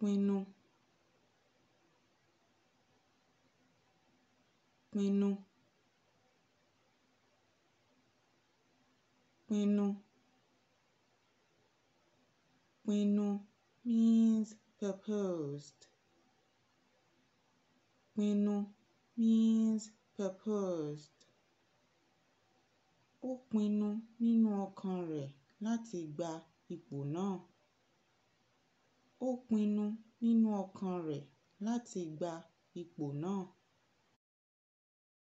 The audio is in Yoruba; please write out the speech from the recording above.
pinnu pinnu pinnu pinnu means proposed pinnu means proposed ó pinnu nínú ọkàn rẹ̀ láti gba ipò náà ó pinnu nínú ọkàn rẹ̀ láti gba ipò náà